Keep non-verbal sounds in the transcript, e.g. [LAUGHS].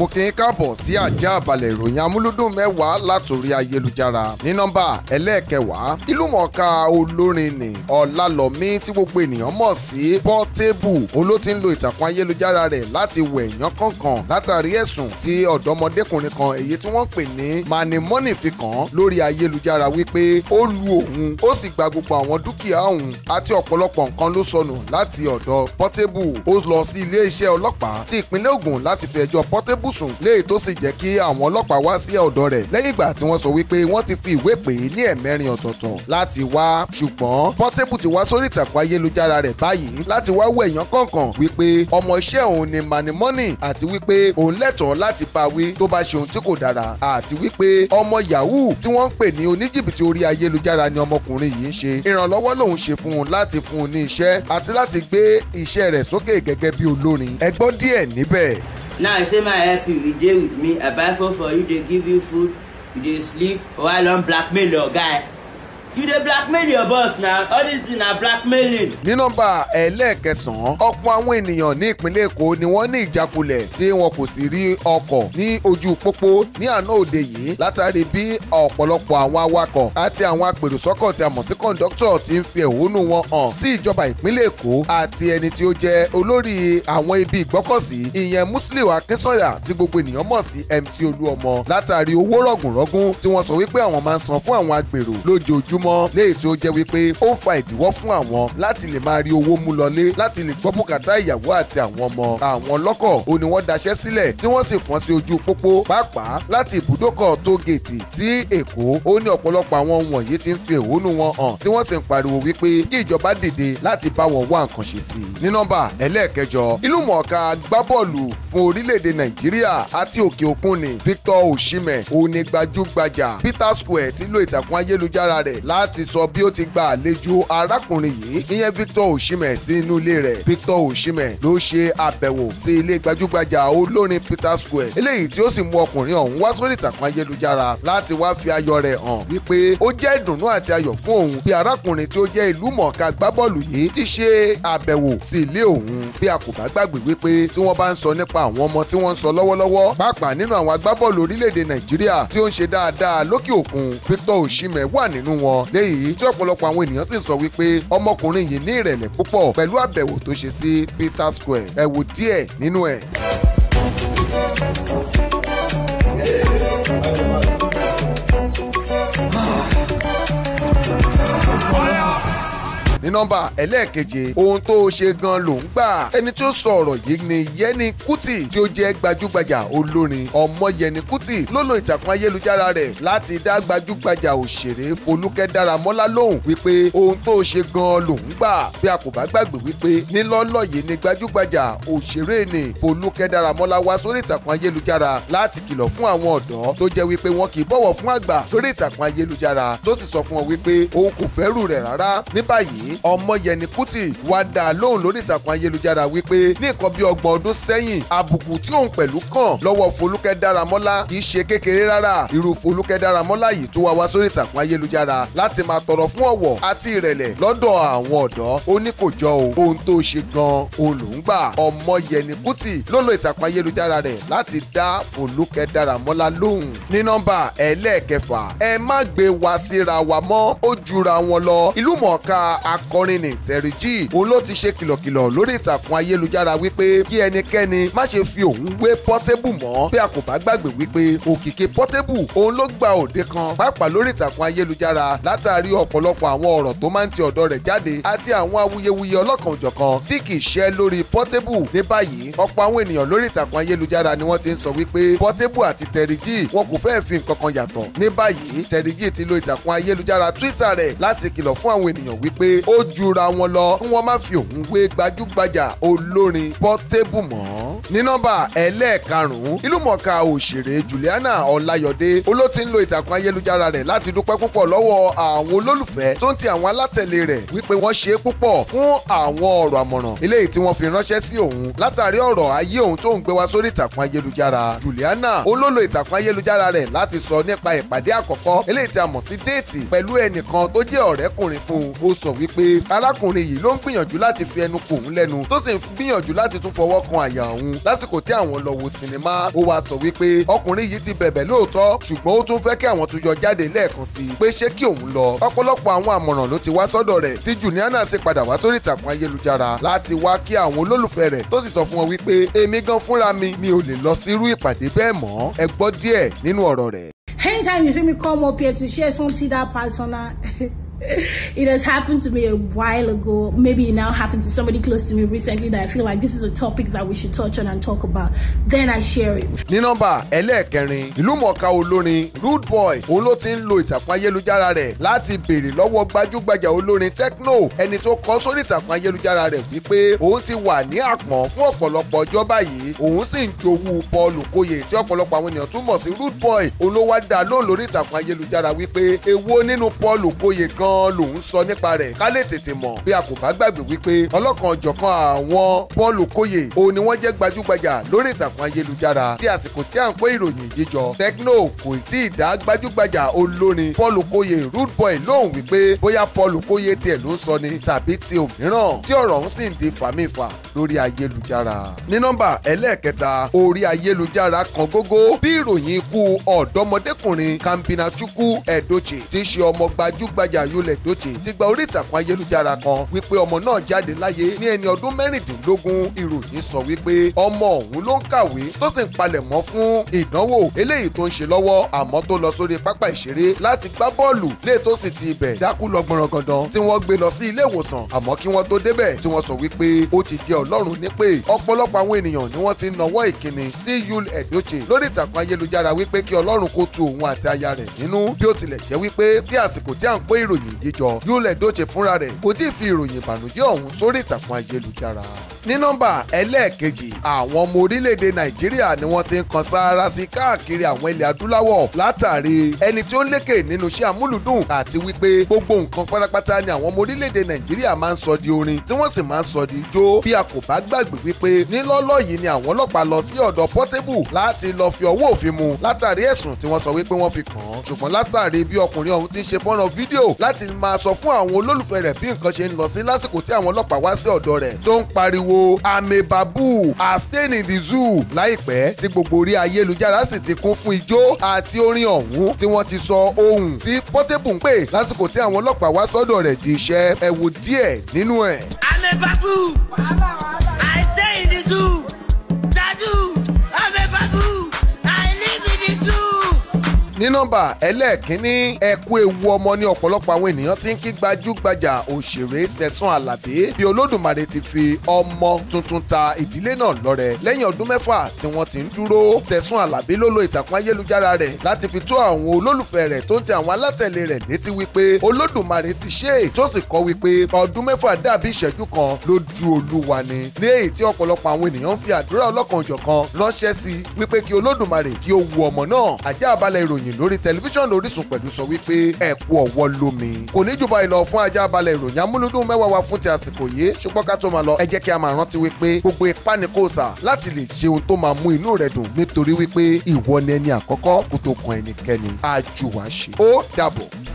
mo kì í káàbọ̀ sí àjà àbàlẹ̀ ìròyìn amúlúdùn mẹ́wàá látòrí ayélujára ní nọ́mbà ẹlẹ́ẹ̀kẹwàá ìlúmọ̀ọ́ká olórin ni ọ̀làlọ́mí tí gbogbo ènìyàn mọ̀ sí Portable òun ló ti ń lo ìtàkùn ayélujára rẹ̀ láti wẹ̀ èèyàn kọ̀ọ̀kan látàrí ẹ̀sùn tí ọ̀dọ́mọdékùnrin kan èyí tí wọ́n pè ní manimọ́nì fi kàn án lórí ayélujára wípé ó lu òun ó sì gba gbogbo àwọn dúkìá òun àti ọ̀pọ̀lọpọ̀ Portable ó lọ sí ilé iṣẹ́ ọlọ́pàá ti Portable gúúsù léyìí tó sì jẹ́ kí àwọn ọlọ́pàá wá sí ọ̀dọ̀ rẹ̀ lẹ́yìn ìgbà tí wọ́n sọ wípé wọ́n ti fi ìwé pè é ní ẹ̀mẹ́rin ọ̀tọ̀ọ̀tọ̀ láti wá ṣùgbọ́n Portable ti wá sórí ìtàkùn ayélujára rẹ̀ báyìí láti wá wẹ̀ yán kọ̀ọ̀kan wípé ọmọ iṣẹ́ òun ni Mani Money àti wípé òun lẹ́tọ̀ọ́ láti bá wí tó bá ṣe ohun tí kò dára àti wípé ọmọ yahoo tí wọ́n ń pè ní oníjìbìtì orí ayélujára ni ọmọkùnrin yìí ń ṣe ìrànlọ́wọ́ lòun ṣe fún un láti fún un ní iṣẹ́ àti láti gbé iṣẹ́ rẹ̀ sókè gẹ́gẹ́ bí olórin ẹ gbọ́ díẹ̀ níbẹ̀. now you say my help you you with me i buy food for you they give you food you sleep while oh, i am blackmail your guy you dey blackmail your boss na all this thing na blackmailing. ní nọ́mbà ẹlẹ́ẹ̀kẹsàn-án ọ̀pọ̀ àwọn ènìyàn ní ìpínlẹ̀ èkó ni wọ́n ní ìjákulẹ̀ tí wọn kò sì rí ọkọ̀ ní ojú pópó ní àná òde yìí látàrí bí ọ̀pọ̀lọpọ̀ àwọn awakọ̀ àti àwọn apèrò tí a mọ̀ sí kọ̀ǹdọ́tọ̀ ti ń fi ẹ̀hónú wọn hàn sí ìjọba ìpínlẹ̀ èkó àti ẹni tí ó jẹ́ olórí àwọn ibi ìgbọ́kọ̀sí ìyẹn Musiliu Akínsọ́yà tí gbogbo ènìyàn mọ̀ sí MC Olúọmọ látàrí owó rọ̀gùnrọ̀gùn tí wọ́n sọ wípé àwọn máa ń san fún àwọn apèrò lójoojúmọ́ lójoojúmọ́ léyìí tí ó jẹ́ wípé ó ń fa ìdíwọ́ fún àwọn láti lè máa rí owó mú lọlé láti lè gbọ́ bùkátà ìyàwó àti àwọn ọmọ àwọn lọ́kọ̀ ó ní wọ́n daṣẹ́ sílẹ̀ tí wọ́n sì fọ́n sí ojú pópó pàápàá láti ibùdókọ̀ tó gèètì sí èkó ó ní ọ̀pọ̀lọpọ̀ àwọn wọ̀nyí ti ń fi ẹ̀hónú wọn hàn tí wọ́n sì ń pariwo wípé kí ìjọba dìde láti bá wọn wá nǹkan ṣe sí i. ní nọ́mbà ẹlẹ́ẹ̀kẹjọ ìlúmọ̀ọ́ká agbábọ́ọ̀lù fún orílẹ̀-èdè nàìjíríà àti òkè òkun ni Victor Osimhen òun ni gbajúgbajà Peter Square ti lo ìtàkùn ayélujára rẹ̀ láti sọ bí ó ti gba àlejò arákùnrin yìí ìyẹn Victor Oshime sí inú ilé rẹ̀ Victor Osimhen ló ṣe àbẹ̀wò sí ilé gbajúgbajà olórin Peter Square eléyìí tí ó sì mú ọkùnrin ọ̀hún wá sórí ìtàkùn ayélujára láti wá fi ayọ̀ rẹ̀ hàn wípé ó jẹ́ ìdùnnú àti ayọ̀ fún òun bí arákùnrin tí ó jẹ́ ìlú mọ̀ọ́ká gbábọ́ọ̀lù yìí ti ṣe àbẹ̀wò sí ilé òun bí a kò bá gbàgbé wípé tí wọ́n bá ń sọ nípa àwọn ọmọ tí wọ́n ń sọ lọ́wọ́lọ́wọ́ pàápàá nínú àwọn agbábọ́ọ̀lù orílẹ̀-èdè Nàìjíríà tí ó ń ṣe dáadáa lókè òkun Victor Oshime wà nínú wọn wọn léyìí tí ọ̀pọ̀lọpọ̀ àwọn ènìyàn sì sọ wípé ọmọkùnrin yìí ní ìrẹ̀lẹ̀ púpọ̀ pẹ̀lú àbẹ̀wò tó ṣe sí Peter Square ẹ wò díẹ̀ nínú ẹ̀. ní nọ́mbà ẹlẹ́ẹ̀keje ohun tó ṣe gan ló ń gbà ẹni tí ó sọ ọ̀rọ̀ yìí ni Yẹni kuti tí ó jẹ́ gbajúgbajà olórin Ọmọyẹni Kútì ló lo ìtàkùn ayélujára rẹ̀ láti dá gbajúgbajà òṣèré Folúkẹ́ Dáramọ́lá lóhùn wípé ohun tó ṣe gan ló ń gbà bí a kò bá gbàgbé wípé nílọ́lọ́ yìí ni gbajúgbajà òṣèré ni Folúkẹ́ Dáramọ́lá wá sórí ìtàkùn ayélujára láti kìlọ̀ fún àwọn ọ̀dọ́ tó jẹ́ wípé wọn kì í bọ̀wọ̀ fún àgbà lórí ìtàkùn ayélujára tó sì sọ fún wọn wípé òun kò fẹ́rù rẹ̀ rárá ní báyìí ọmọyẹni Kútì wá dá a lóhùn lórí ìtàkùn ayélujára wípé ní nǹkan bí ọgbọ̀n ọdún sẹ́yìn àbùkù tí òun pẹ̀lú kàn lọ́wọ́ Folúkẹ́ Dáramọ́lá kì í ṣe kékeré rárá irú Folúkẹ́ Dáramọ́lá yìí tó wá wá sórí ìtàkùn ayélujára láti máa tọrọ fún ọ̀wọ̀ àti ìrẹ̀lẹ̀ lọ́dọ̀ àwọn ọ̀dọ́ ó ní kò jọ o ohun tó ṣe gan òun ló ń gbà ọmọyẹni Kútì ló ìtàkùn ayélujára rẹ̀ láti dá Folúkẹ́ Dáramọ́lá lóhùn ní nọ́mbà ẹlẹ́ẹ̀kẹfà ẹ má gbé wa síra wa mọ́ ó jura wọn lọ ìlú mọ̀ọ́ká akọrin Terry G. òun ló ti ṣe kìlọ̀kìlọ̀ lórí ìtàkùn ayélujára wípé kí ẹnikẹ́ni má ṣe fi òun wé Portable mọ́ bí a kò bá gbàgbé wípé òkìkí Portable òun ló gba òde kan pàápàá lórí ìtàkùn ayélujára látàrí ọ̀pọ̀lọpọ̀ àwọn ọ̀rọ̀ tó máa ń ti ọ̀dọ̀ rẹ̀ jáde àti àwọn awuyewuye ọlọ́kanòjọ̀kan tí kì í ṣe lórí Portable ní báyìí ọ̀pọ̀ àwọn ènìyàn lórí ìtàkùn ni wọ́n ti Portable àti Teriji wọn kò fẹ́ẹ́ fi nǹkan kan yàtọ̀ ní báyìí Teriji ti lo ìtàkùn ayélujára Twitter rẹ̀ láti kìlọ̀ fún àwọn ènìyàn ó jura wọn lọ kí wọ́n má fi òun wé gbajúgbajà olórin Portable mọ́ ní nọ́mbà ẹlẹ́ẹ̀karùn-ún ìlúmọ̀ọ́ká òṣèré Juliana Ọláyọdé olóòtí ń lo ìtàkùn ayélujára rẹ̀ láti dúpẹ́ púpọ̀ lọ́wọ́ àwọn olólùfẹ́ tó ń ti àwọn alátẹ̀lé rẹ̀ wípé wọ́n ṣe é púpọ̀ fún àwọn ọ̀rọ̀ àmọ̀ràn eléyìí tí wọ́n fi ránṣẹ́ sí òun látàrí ọ̀rọ̀ ayé òun tó ń gbé wá sórí ìtàkùn ayélujára Juliana olólo ìtàkùn ayélujára rẹ̀ láti sọ nípa ìpàdé àkọ́kọ́ eléyìí tí a mọ̀ sí déètì pẹ̀lú ẹnìkan tó jẹ́ ọ̀rẹ́kùnrin fún un ó sọ wípé arákùnrin yìí ló ń gbìyànjú láti fi ẹnu kò òun lẹ́nu tó sì ń gbìyànjú láti tún fọwọ́ kan àyà òun lásìkò tí àwọn lọ wo sinimá ó wáá sọ wípé ọkùnrin yìí ti bẹ̀bẹ̀ lóòótọ́ ṣùgbọ́n ó tún fẹ́ kí àwọn tún yọ jáde lẹ́ẹ̀kan sí i pé ṣé kí òun lọ ọ̀pọ̀lọpọ̀ àwọn àmọ̀ràn ló ti wá sọ́dọ̀ rẹ̀ tí Juliana sì padà wá sórí ìtàkùn ayélujára láti wá kí àwọn olólùfẹ́ rẹ̀ tó sì sọ fún wọn wípé èmi gan fúnra mi mi ò lè lọ sírú ìpàdé bẹ́ẹ̀ mọ́ ẹ gbọ́ díẹ̀ nínú ọ̀rọ̀ rẹ̀. Anytime you see me come up here to share something that personal [LAUGHS] it has happened to me a while ago. Maybe it now happened to somebody close to me recently that I feel like this is a topic that we should touch on and talk about. Then I share it. Ní nọ́mbà ẹlẹ́ẹ̀kẹrin, ìlúmọ̀ọ́ká olórin Rude Boy òun ló ti ń lo ìtàkùn ayélujára rẹ̀ láti béèrè lọ́wọ́ gbajúgbajà olórin Tekno ẹni tó kọ sórí ìtàkùn ayélujára rẹ̀ wípé òun ti wà ní àpọ̀n fún ọ̀pọ̀lọpọ̀ ọjọ́ báyìí òun sì ń jowú Paul Okoye tí ọ̀pọ̀lọpọ̀ àwọn ènìyàn túmọ̀ sí Rude Boy òun ló wá dá lóhùn lórí ìtàkùn ayélujára wípé èwo nínú Paul Okoye gan gan-an lòún sọ nípa rẹ̀ ká lè tètè mọ̀ bí a kò bá gbàgbé wípé ọlọ́kan ọ̀jọ̀kan àwọn Paul Okoye òun ni wọ́n jẹ́ gbajúgbajà lórí ìtàkùn ayélujára bí àsìkò tí à ń kó ìròyìn yìí jọ Tekno kò tí ì dá gbajúgbajà olórin Paul Okoye rude boy lóhùn wípé bóyá Paul Okoye tiẹ̀ ló ń sọ ni tàbí ti òmíràn tí ọ̀rọ̀ ọ̀hún sì ń di fàmìfà lórí ayélujára ní nọ́mbà ẹlẹ́ẹ̀kẹta orí ayélujára kan gógó bí ìròyìn ikú ọ̀dọ́mọdékùnrin Kampina Chukwu Edochie tí í ṣe ọmọ gbajúgbajà y jólẹ̀ dòtè ti gba orí ìtàkùn ayélujára kan wípé ọmọ náà jáde láyé ní ẹni ọdún mẹ́rìndínlógún ìròyìn sọ wípé ọmọ ọ̀hún ló ń kàwé tó sì ń palẹ̀ mọ́ fún ìdánwò eléyìí tó ń ṣe lọ́wọ́ àmọ́ tó lọ sórí pápá ìṣeré láti gbá bọ́ọ̀lù lé tó sì ti ibẹ̀ dákú lọ gbọ̀nràngàndàn tí wọ́n gbé lọ sí ilé ìwòsàn àmọ́ kí wọ́n tó débẹ̀ tí wọ́n sọ wípé ó ti jẹ́ ọlọ́run nípè ọ̀pọ̀lọpọ̀ àwọn ènìyàn ni wọ́n ti ń ìkíni sí yul edoche lórí ìtàkùn ayélujára wípé kí ọlọ́run kó tu òun àti aya rẹ̀ nínú bí ó tilẹ̀ jẹ́ wípé bí àsìkò tí à ń kó ìròyìn yìí jọ Yul Edochie fúnra rẹ̀ kò tí ì fi ìròyìn ìbànújẹ́ ọ̀hún sórí ìtàkùn ayélujára ní nọ́mbà ẹlẹ́ẹ̀kejì àwọn ọmọ orílẹ̀-èdè nàìjíríà ni wọ́n ti ń kan sáárá sí káàkiri àwọn ilẹ̀ adúláwọ̀ látàrí ẹni tí ó lékè nínú iṣẹ́ àmúlùdùn àti wípé gbogbo nǹkan pátápátá ni àwọn ọmọ orílẹ̀-èdè nàìjíríà máa ń sọ di orin tí wọ́n sì máa ń sọ di ijó bí a kò bá gbàgbé wípé nílọ́lọ́ yìí ni àwọn ọlọ́pàá lọ sí ọ̀dọ̀ Portable mu látàrí ẹ̀sùn tí wọ́n sọ wípé wọ́n fi kàn án ṣùgbọ́n látàrí bí ọkùnrin ọ̀hún ti ń ṣe fọ́nrán fídíò láti máa sọ fún àwọn olólùfẹ́ rẹ̀ bí nǹkan ṣe ariwo ame babu a stain in the zoo láìpẹ́ tí gbogbo orí ayélujára sì ti kún fún ijó àti orin ọ̀hún tí wọ́n ti sọ ohun tí Portable ń pè lásìkò tí àwọn ọlọ́pàá wá sọ́dọ̀ rẹ̀ di iṣẹ́ ẹ díẹ̀ nínú ẹ̀. ame wàhálà wàhálà. ní nọ́mbà ẹlẹ́ẹ̀kínní ẹ̀kú ewu ọmọ ní ọ̀pọ̀lọpọ̀ àwọn ènìyàn ti ń kí gbajúgbajà òṣèré Sẹ̀sán Àlàbí bí Olódùmarè ti fi ọmọ tuntun ta ìdílé náà lọ́rẹ lẹ́yìn ọdún mẹ́fà tí wọ́n ti ń dúró Sẹ̀sán Àlàbí ló lo ìtàkùn ayélujára rẹ̀ láti fi tó àwọn olólùfẹ́ rẹ̀ tó ń ti àwọn alátẹ̀lé rẹ̀ létí wípé Olódùmarè ti ṣe é tó sì kọ́ wípé ọdún mẹ́fà dàbí ìṣẹ́jú kan lójú Olúwa ni ní èyí tí ọ̀pọ̀lọpọ̀ àwọn ènìyàn ń fi àdúrà ọlọ́kan ò ìròyìn lórí tẹlifíṣàn Orísun pẹ̀lú sọ wípé ẹ kú ọwọ́ lómi. kò ní jù báyìí lọ fún ajá balẹ̀ ìròyìn amúlùdùn mẹ́wàá wa fún ti àsìkò yìí ṣùgbọ́n ká tó máa lọ ẹ jẹ́ kí a máa rántí wípé gbogbo ipá ni kò sà láti lè ṣe ohun tó máa mú inú rẹ dùn nítorí wípé ìwọ ni ẹni àkọ́kọ́ kó tó kan ẹnikẹ́ni àjùwàṣe ó dàbọ̀.